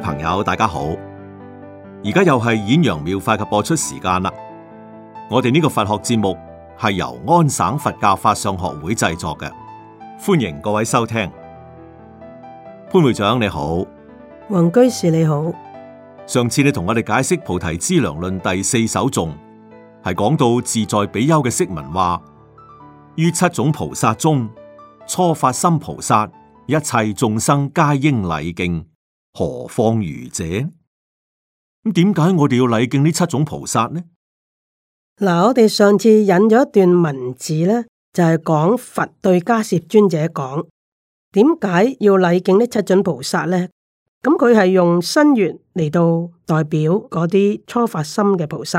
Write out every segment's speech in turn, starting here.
朋友，大家好！而家又係演揚妙法嘅播出時間啦。我哋呢個佛學節目係由安省佛教法相學會製作嘅，歡迎各位收聽。潘會長你好，王居士你好。上次你同我哋解釋《菩提資糧論》第四首頌，係講到自在比丘嘅釋文話：於七種菩薩中，初發心菩薩，一切眾生皆應禮敬。何況愚者？咁點解我哋要禮敬呢七種菩薩呢？嗱，我哋上次引咗一段文字咧，就係、是、講佛對迦葉尊者講，點解要禮敬呢七種菩薩呢？咁佢係用新月嚟到代表嗰啲初發心嘅菩薩，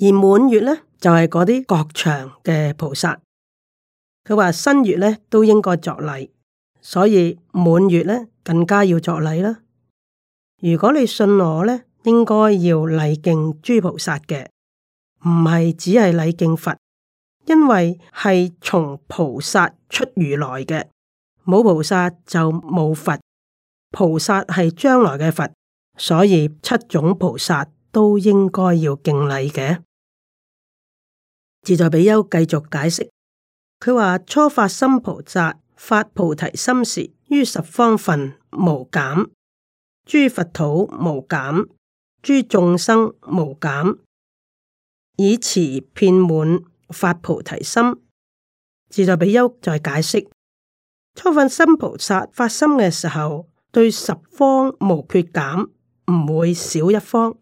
而滿月咧就係嗰啲國長嘅菩薩。佢話新月咧都應該作禮。所以滿月咧，更加要作禮啦。如果你信我咧，應該要禮敬諸菩薩嘅，唔係只係禮敬佛，因為係從菩薩出如來嘅。冇菩薩就冇佛，菩薩係將來嘅佛，所以七種菩薩都應該要敬禮嘅。自在比丘繼續解釋，佢話初發心菩薩。發菩提心時，於十方份無減，諸佛土無減，諸眾生無減，以持遍滿發菩提心。自在比丘在解釋初發心菩薩發心嘅時候，對十方無缺減，唔會少一方；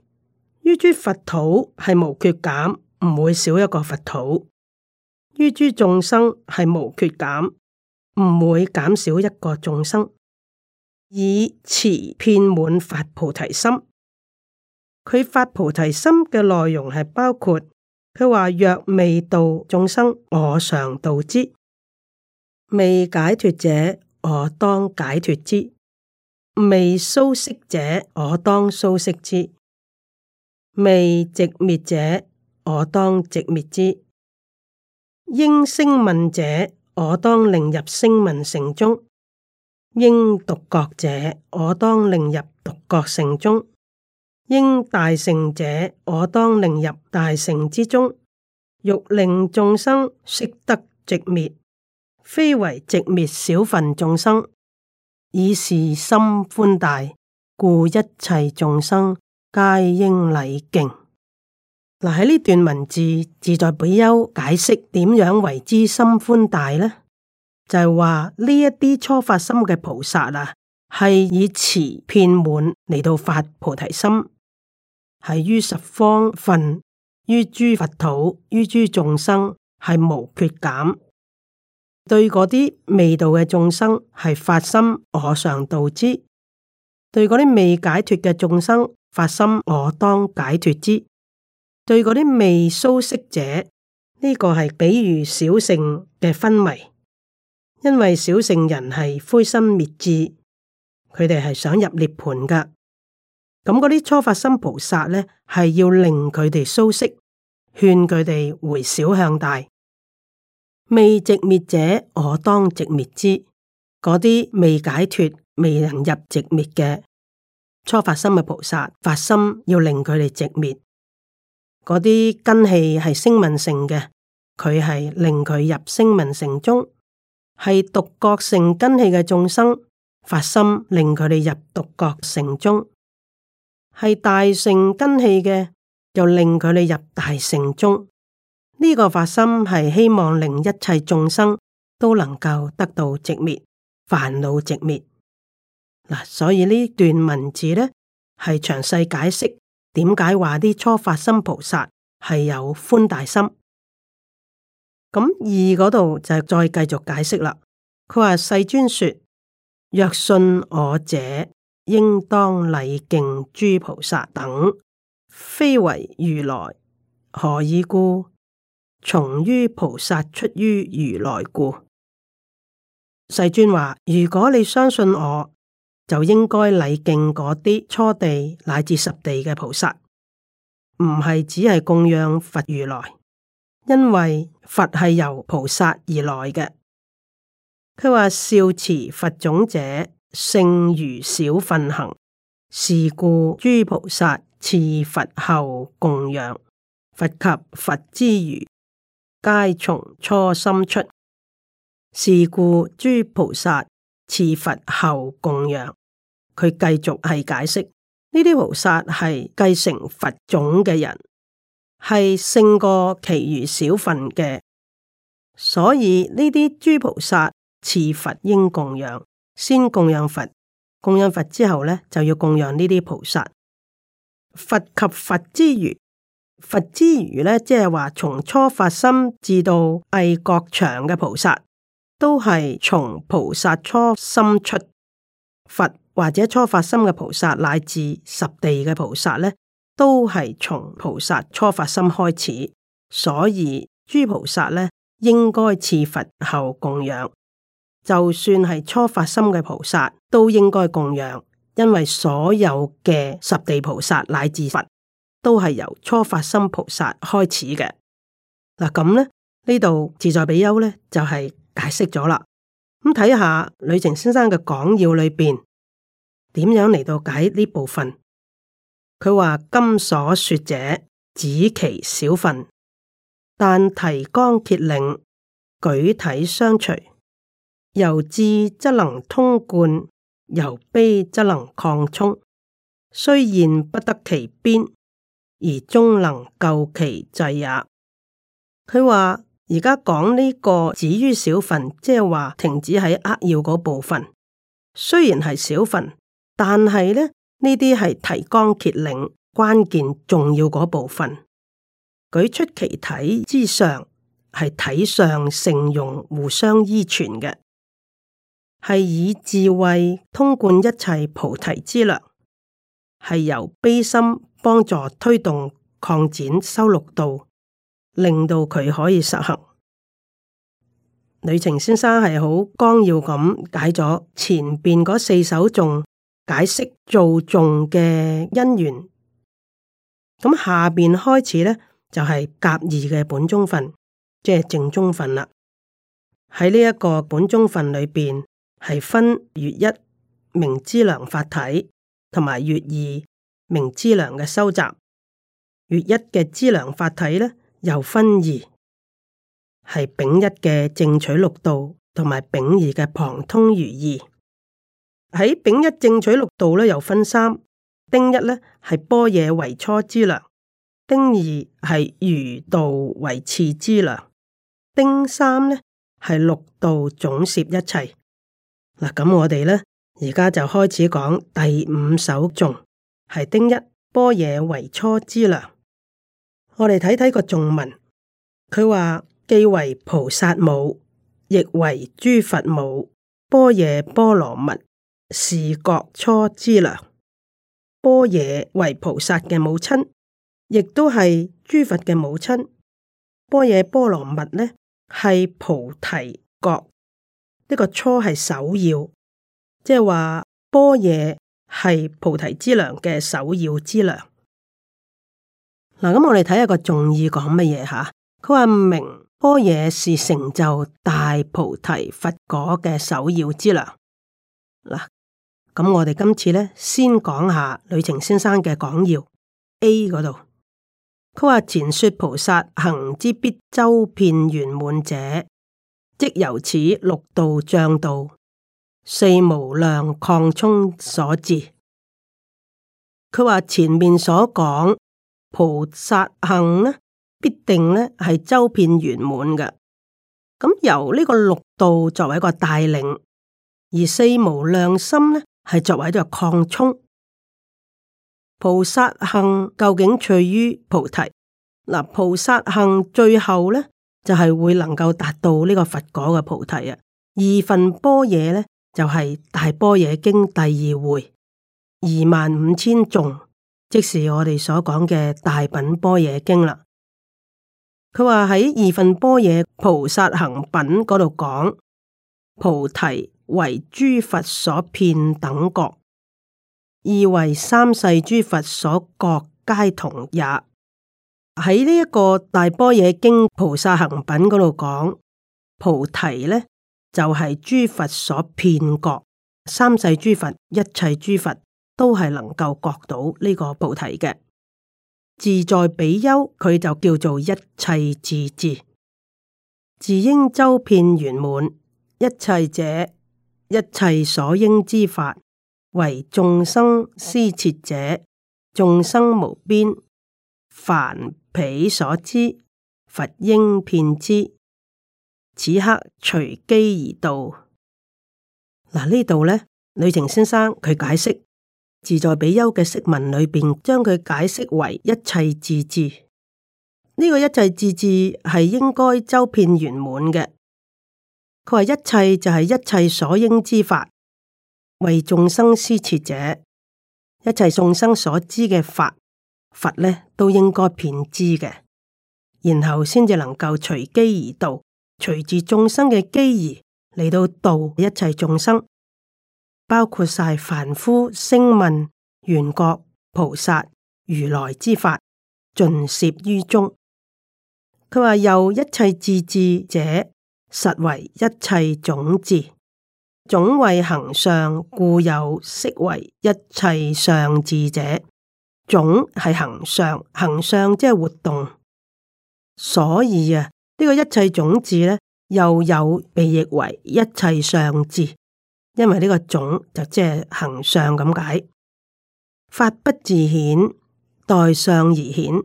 於諸佛土係無缺減，唔會少一個佛土；於諸眾生係無缺減。唔會減少一個眾生，以持遍滿發菩提心。佢發菩提心嘅內容係包括佢話若未度眾生，我常度之；未解脱者，我當解脱之；未蘇息者，我當蘇息之；未直滅寂滅者，我當寂滅之。應聲問者。我當令入聲聞乘中，應獨覺者，我當令入獨覺乘中，應大乘者，我當令入大乘之中。欲令眾生悉得寂滅，非為寂滅小分眾生，以是心寬大故，一切眾生皆應禮敬。嗱，喺呢段文字，自在比丘解釋點樣為之心寬大咧？就係話呢一啲初發心嘅菩薩啊，係以慈遍滿嚟到發菩提心，係於十方分，於諸佛土，於諸眾生，係無缺減。對嗰啲未度嘅眾生，係發心我常度之；對嗰啲未解脫嘅眾生，發心我當解脫之。對嗰啲未蘇息者，呢、這個係比喻小聖嘅昏迷，因為小聖人係灰心滅智，佢哋係想入涅槃㗎。咁嗰啲初發心菩薩咧，係要令佢哋蘇息，勸佢哋回小向大。未寂滅者，我當寂滅之。嗰啲未解脫、未能入寂滅嘅初發心嘅菩薩，發心要令佢哋寂滅。嗰啲根器係聲聞乘嘅，佢係令佢入聲聞乘中；係獨覺乘根器嘅眾生，發心令佢哋入獨覺乘中；係大乘根器嘅，又令佢哋入大乘中。呢、這個發心係希望令一切眾生都能夠得到寂滅，煩惱寂滅。嗱，所以呢段文字咧係詳細解釋。點解話啲初發心菩薩係有寬大心？咁二嗰度就再繼續解釋啦。佢話世尊說：若信我者，應當禮敬諸菩薩等，非為如來。何以故？從於菩薩，出於如來故。世尊話：如果你相信我。就應該禮敬嗰啲初地乃至十地嘅菩薩，唔係只係供養佛如來，因為佛係由菩薩而來嘅。佢話少慈佛種者，勝如小分行。是故諸菩薩次佛後供養佛及佛之餘，皆從初心出。是故諸菩薩次佛後供養。佢繼續係解釋呢啲菩薩係繼承佛種嘅人，係勝過其餘小份嘅，所以呢啲諸菩薩次佛應供養，先供養佛，供養佛之後呢，就要供養呢啲菩薩。佛及佛之餘，佛之餘呢，即係話從初發心至到魏國長嘅菩薩，都係從菩薩初心出佛。或者初發心嘅菩薩乃至十地嘅菩薩咧，都係從菩薩初發心開始，所以諸菩薩咧，應該次佛後供養。就算係初發心嘅菩薩，都應該供養，因為所有嘅十地菩薩乃至佛，都係由初發心菩薩開始嘅。嗱咁咧，呢度自在比丘咧就係、是、解釋咗啦。咁睇下呂澂先生嘅講要裏邊。點樣嚟到解呢部分？佢話今所說者止其小份，但提綱挈領，舉體相隨。由智則能通貫，由悲則能擴充。雖然不得其邊，而終能救其弊也。佢話而家講呢個止於小份，即係話停止喺扼要嗰部分。雖然係小份。」但係咧，呢啲係提綱挈領、關鍵重要嗰部分，舉出其體之上，係體上成容互相依存嘅，係以智慧通貫一切菩提之糧，係由悲心幫助推動擴展修六度，令到佢可以實行。呂澂先生係好光耀咁解咗前邊嗰四首頌。解釋造眾嘅因緣，咁下面開始咧就係、是、甲二嘅本宗份，即係正宗份啦。喺呢一個本宗份裏邊，係分乙一明知良法體，同埋乙二明知良嘅收集。乙一嘅知良法體咧，又分二係丙一嘅正取六度，同埋丙二嘅旁通如意。喺丙一正取六度咧，又分三。丁一咧係般若為初之糧，丁二係餘度為次之糧，丁三咧係六度總攝一切。嗱，咁我哋咧而家就開始講第五首頌，係丁一般若為初之糧。我哋睇睇個頌文，佢話，既為菩薩母，亦為諸佛母，般若波羅蜜。是覺初之糧。般若為菩薩嘅母親，亦都係諸佛嘅母親。般若波羅蜜呢，係菩提覺呢、這個初係首要，即係話般若係菩提之糧嘅首要之糧。嗱，咁我哋睇下個眾義講乜嘢吓？佢話明般若是成就大菩提佛果嘅首要之糧嗱。咁我哋今次咧，先講下呂澄先生嘅講要 A 嗰度，佢話前說菩薩行之必周遍圓滿者，即由此六度障道，道四無量擴充所致。佢話前面所講菩薩行呢，必定呢係周遍圓滿嘅。咁由呢個六度作為一個帶領，而四無量心呢？係作為一個擴充。菩薩行究竟在於菩提嗱，菩薩行最後呢，就係、是、會能夠達到呢個佛果嘅菩提啊。二分般若呢，就係、是、大般若經第二回二萬五千頌，即係我哋所講嘅大品般若經啦。佢話喺二分般若菩薩行品嗰度講菩提。為諸佛所遍等覺，二為三世諸佛所覺皆同也。喺呢一個大般若經菩薩行品嗰度講菩提呢，就係、是、諸佛所遍覺，三世諸佛一切諸佛都係能夠覺到呢個菩提嘅自在比丘，佢就叫做一切智智，自應周遍圓滿一切者。一切所應之法，為眾生施設者，眾生無邊，凡彼所知，佛應遍知。此刻隨機而到。嗱、啊、呢度咧，呂澄先生佢解釋自在比丘嘅釋文裏邊，將佢解釋為一切智智。呢、這個一切智智係應該周遍圓滿嘅。佢話一切就係一切所應之法，為眾生施設者，一切眾生所知嘅法，佛呢都應該遍知嘅，然後先至能夠隨機而度，隨住眾生嘅機而嚟到度一切眾生，包括晒凡夫、聲聞、緣覺、菩薩、如來之法，盡攝於中。佢話由一切智智者。實為一切種智，總為行相，故有，釋為一切相智者。總係行相，行相即係活動，所以啊，呢、這個一切種智咧，又有被譯為一切相智，因為呢個總就即係行相咁解。法不自顯，待相而顯。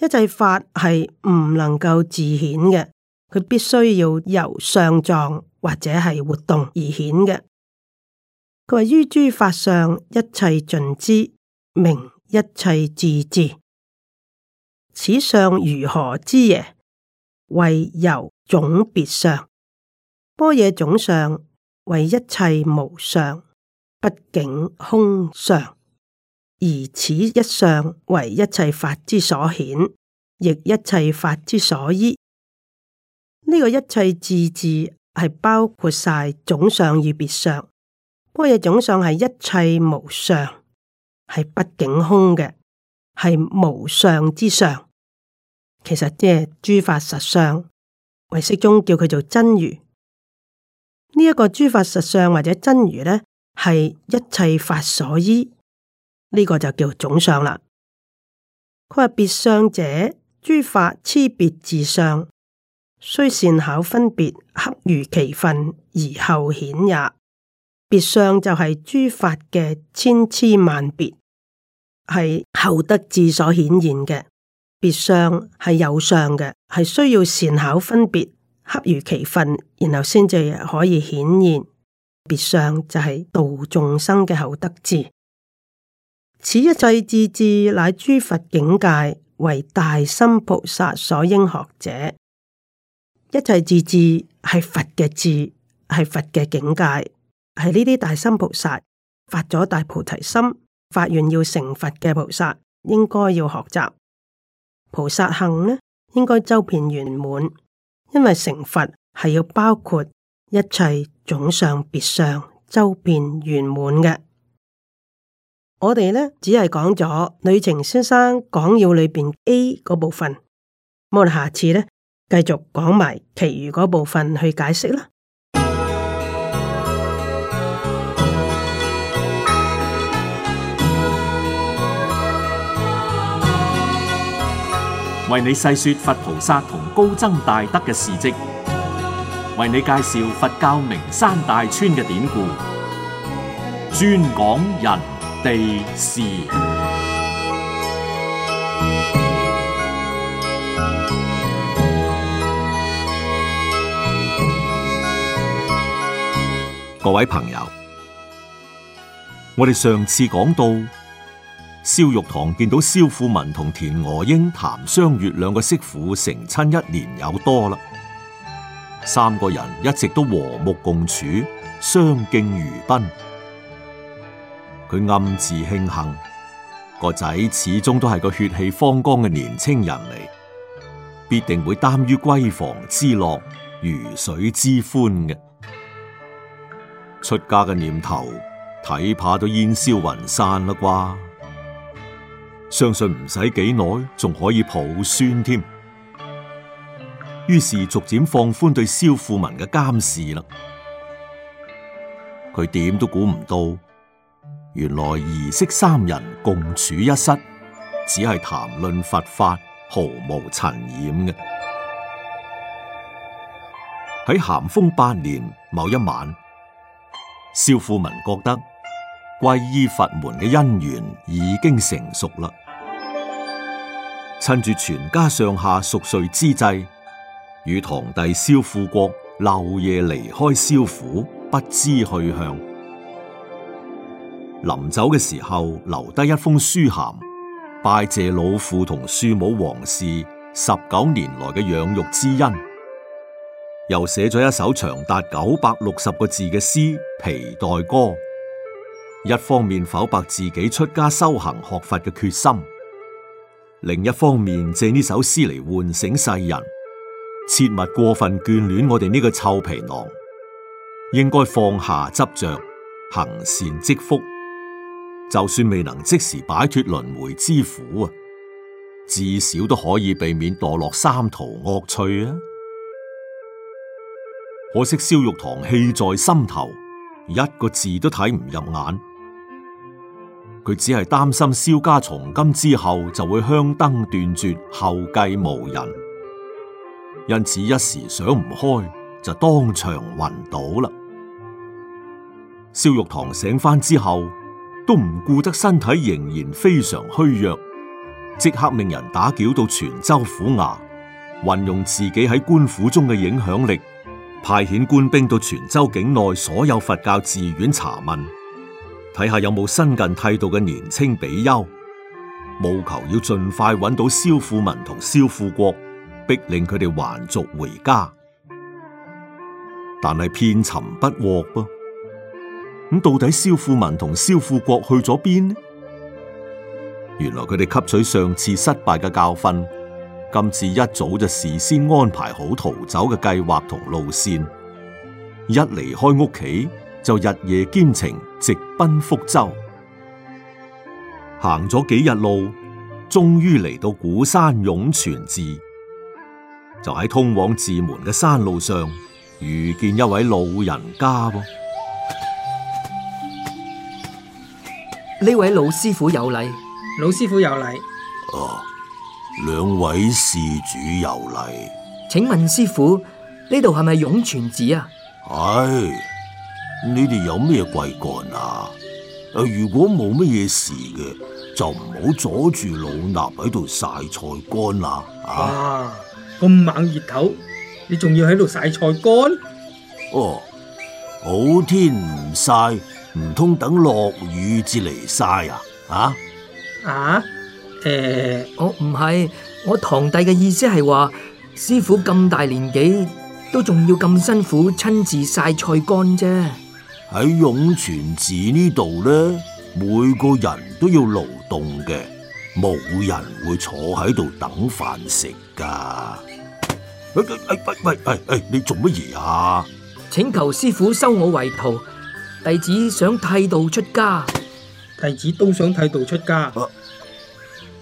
一切法係唔能夠自顯嘅。佢必須要由上狀或者係活動而顯嘅。佢話於諸法上一切盡之，明一切自知，此相如何之耶？謂由總別相，般若總相為一切無相，畢竟空相，而此一相為一切法之所顯，亦一切法之所依。呢個一切智智係包括晒總相與別相。不過嘢，總相係一切無相，係不境空嘅，係無相之相。其實即係諸法實相，唯識宗叫佢做真如。呢、這、一個諸法實相或者真如咧，係一切法所依。呢、這個就叫總相啦。佢話別相者，諸法痴別自相。雖善巧分別，恰如其分而後顯也。別相就係諸法嘅千千萬別，係後得智所顯現嘅。別相係有相嘅，係需要善巧分別恰如其分，然後先至可以顯現。別相就係度眾生嘅後得智。此一切智智乃諸佛境界，為大心菩薩所應學者。一切智智，係佛嘅智，係佛嘅境界，係呢啲大心菩薩發咗大菩提心，發願要成佛嘅菩薩，應該要學習菩薩行呢？應該周遍圓滿，因為成佛係要包括一切總相別相周遍圓滿嘅。我哋呢只係講咗呂澄先生講要裏邊 A 嗰部分，我哋下次呢？繼續講埋其餘嗰部分去解釋啦。為你細說佛菩薩同高僧大德嘅事跡，為你介紹佛教名山大川嘅典故，專講人、地、事。各位朋友，我哋上次講到，蕭玉堂見到蕭富文同田娥英譚雙月兩個媳婦成親一年有多啦，三個人一直都和睦共處，相敬如賓。佢暗自慶幸，個仔始終都係個血氣方剛嘅年青人嚟，必定會耽於閨房之樂、魚水之歡嘅。出家嘅念頭睇怕都煙消雲散啦啩，相信唔使幾耐仲可以抱孫添。於是逐漸放寬對蕭富民嘅監視啦。佢點都估唔到，原來儀式三人共處一室，只係談論佛法，毫無塵染嘅。喺咸豐八年某一晚。蕭富民覺得皈依佛門嘅因緣已經成熟啦，趁住全家上下熟睡之際，與堂弟蕭富國漏夜離開蕭府，不知去向。臨走嘅時候，留低一封書函，拜謝老父同庶母王氏十九年來嘅養育之恩。又寫咗一首長達九百六十個字嘅詩《皮袋歌》，一方面剖白自己出家修行學佛嘅決心，另一方面借呢首詩嚟喚醒世人，切勿過分眷戀我哋呢個臭皮囊，應該放下執着，行善積福，就算未能即時擺脫輪回之苦啊，至少都可以避免墮落三途惡趣啊。可惜蕭玉堂氣在心頭，一個字都睇唔入眼。佢只係擔心蕭家從今之後就會香燈斷絕，後繼無人，因此一時想唔開，就當場暈倒啦。蕭玉堂醒翻之後，都唔顧得身體仍然非常虛弱，即刻命人打轎到泉州府衙，運用自己喺官府中嘅影響力。派遣官兵到泉州境內所有佛教寺院查問，睇下有冇新近剃度嘅年青比丘，務求要盡快揾到蕭富民同蕭富國，逼令佢哋還俗回家。但係遍尋不獲噃、啊，咁到底蕭富民同蕭富國去咗邊呢？原來佢哋吸取上次失敗嘅教訓。今次一早就事先安排好逃走嘅計劃同路線，一離開屋企就日夜兼程，直奔福州。行咗幾日路，終於嚟到鼓山湧泉寺，就喺通往寺門嘅山路上遇見一位老人家。呢位老師傅有禮，老師傅有禮。哦。兩位事主又嚟，請問師傅，呢度係咪湧泉寺啊？唉，你哋有咩貴幹啊？誒，如果冇乜嘢事嘅，就唔好阻住老衲喺度曬菜乾啦！啊？啊，咁猛熱頭，你仲要喺度曬菜乾？哦，好天唔曬，唔通等落雨至嚟曬啊？啊啊！誒，欸、我唔係，我堂弟嘅意思係話，師傅咁大年紀都仲要咁辛苦親自曬菜乾啫。喺湧泉寺呢度咧，每個人都要勞動嘅，冇人會坐喺度等飯食噶。喂喂喂喂喂，你做乜嘢啊？請求師傅收我為徒，弟子想剃度出家。弟子都想剃度出家。啊。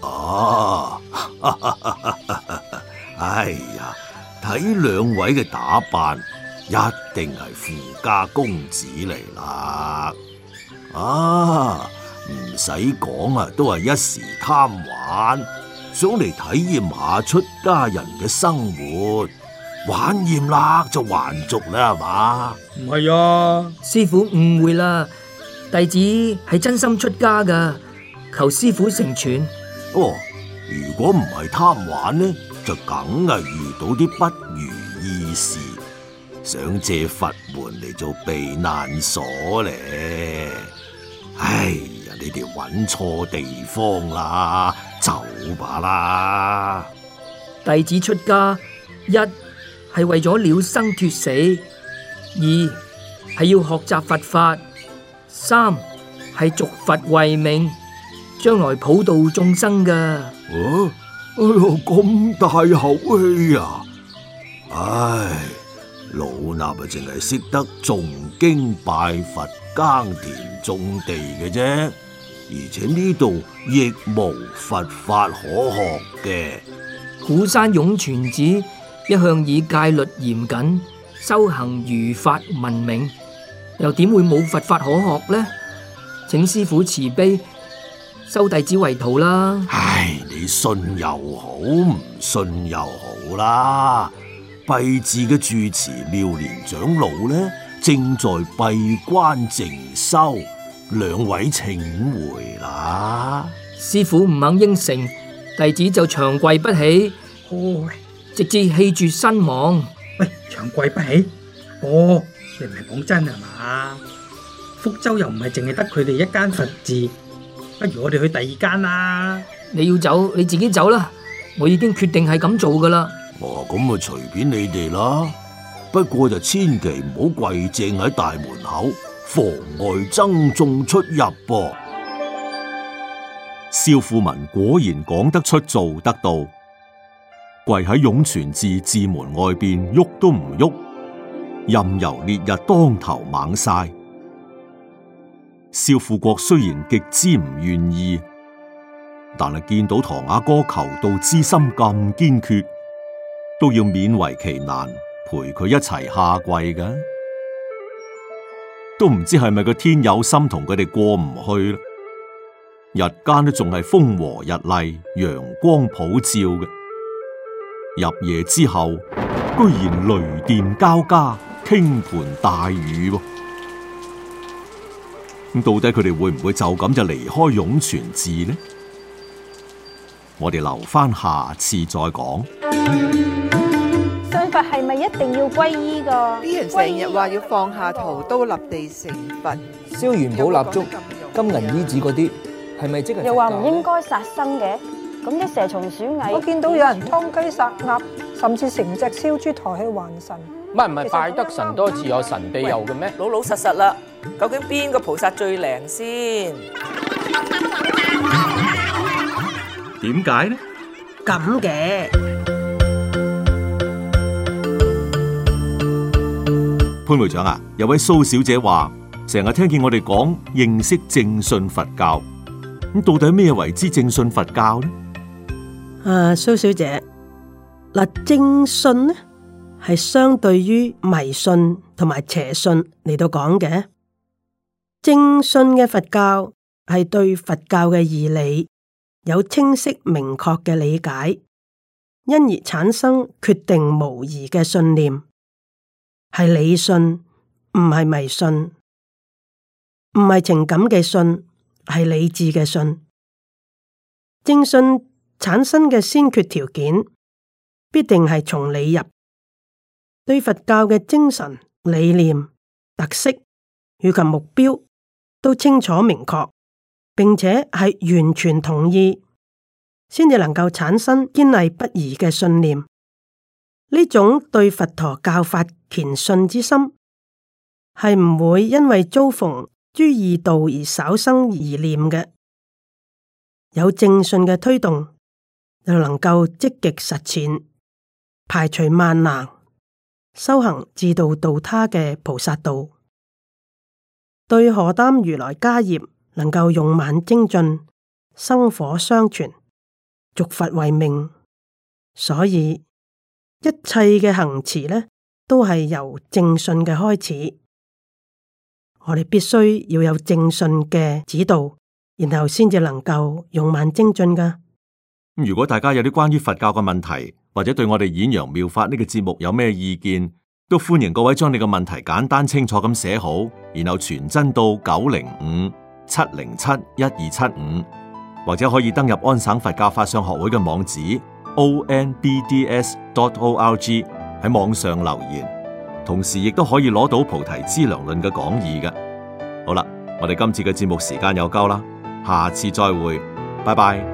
哦、啊，哎呀，睇兩位嘅打扮，一定係富家公子嚟啦。啊，唔使講啊，都係一時貪玩，想嚟體驗下出家人嘅生活。玩厭啦就還俗啦，係嘛？唔係啊，師父誤會啦，弟子係真心出家噶，求師父成全。哦，如果唔係貪玩呢，就梗係遇到啲不如意事，想借佛門嚟做避難所咧。哎呀，你哋揾錯地方啦，走吧啦！弟子出家，一係為咗了了生脱死，二係要學習佛法，三係續佛為命。將來普度眾生噶、啊，啊，哎喲咁大口氣啊！唉，老衲啊，淨係識得誦經拜佛，耕田種地嘅啫，而且呢度亦無佛法可學嘅。鼓山湧泉寺一向以戒律嚴謹、修行如法聞名，又點會冇佛法可學呢？請師傅慈悲，收弟子為徒啦！唉，你信又好，唔信又好啦。敝寺嘅住持妙蓮長老呢，正在閉關靜修。兩位請回啦。師父唔肯應承，弟子就長跪不起，哦、直至氣絕身亡。喂，長跪不起，哦，你唔係講真係嘛？福州又唔係淨係得佢哋一間佛寺。不如我哋去第二間啦！你要走你自己走啦，我已經決定係咁做噶啦。哦，咁啊隨便你哋啦，不過就千祈唔好跪正喺大門口，妨礙僧眾出入噃。蕭富民果然講得出做得到，跪喺湧泉寺寺門外邊，喐都唔喐，任由烈日當頭猛曬。少富國雖然極之唔願意，但係見到堂阿哥求道之心咁堅決，都要勉為其難陪佢一齊下跪嘅。都唔知係咪個天有心同佢哋過唔去啦？日間都仲係風和日麗、陽光普照嘅，入夜之後居然雷電交加、傾盆大雨。咁到底佢哋會唔會就咁就離開湧泉寺呢？我哋留翻下，下次再講。信佛係咪一定要皈依㗎？啲人成日話要放下屠刀立地成佛，燒元寶蠟燭、金銀衣紙嗰啲，係咪、啊、即係？又話唔應該殺生嘅，咁啲蛇蟲鼠蟻，我見到有人湯雞殺鴨，甚至成隻燒豬抬去還神。唔係唔係，拜得神多自然神庇佑嘅咩？老老實實啦。究竟邊個菩薩最靚先？點解咧？咁嘅潘會長啊，有位蘇小姐話，成日聽見我哋講認識正信佛教，咁到底咩為之正信佛教咧？啊，蘇小姐，嗱，正信咧係相對於迷信同埋邪信嚟到講嘅。正信嘅佛教係對佛教嘅義理有清晰明確嘅理解，因而產生決定無疑嘅信念，係理信，唔係迷信，唔係情感嘅信，係理智嘅信。正信產生嘅先決條件必定係從理入，對佛教嘅精神理念特色以及目標。都清楚明確，並且係完全同意，先至能夠產生堅毅不移嘅信念。呢種對佛陀教法虔信之心，係唔會因為遭逢諸異道而稍生疑念嘅。有正信嘅推動，又能夠積極實踐，排除萬難，修行自度度他嘅菩薩道。對荷擔如來家業，能夠勇猛精進，薪火相傳，續佛為命。所以一切嘅行持呢，都係由正信嘅開始。我哋必須要有正信嘅指導，然後先至能夠勇猛精進噶。如果大家有啲關於佛教嘅問題，或者對我哋演揚妙法呢個節目有咩意見，都歡迎各位將你個問題簡單清楚咁寫好，然後傳真到九零五七零七一二七五，75, 或者可以登入安省佛教法相學會嘅網址 o n b d s dot o l g，喺網上留言，同時亦都可以攞到《菩提資糧論》嘅講義嘅。好啦，我哋今次嘅節目時間又夠啦，下次再會，拜拜。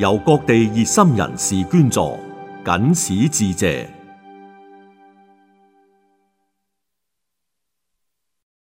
由各地熱心人士捐助，謹此致謝。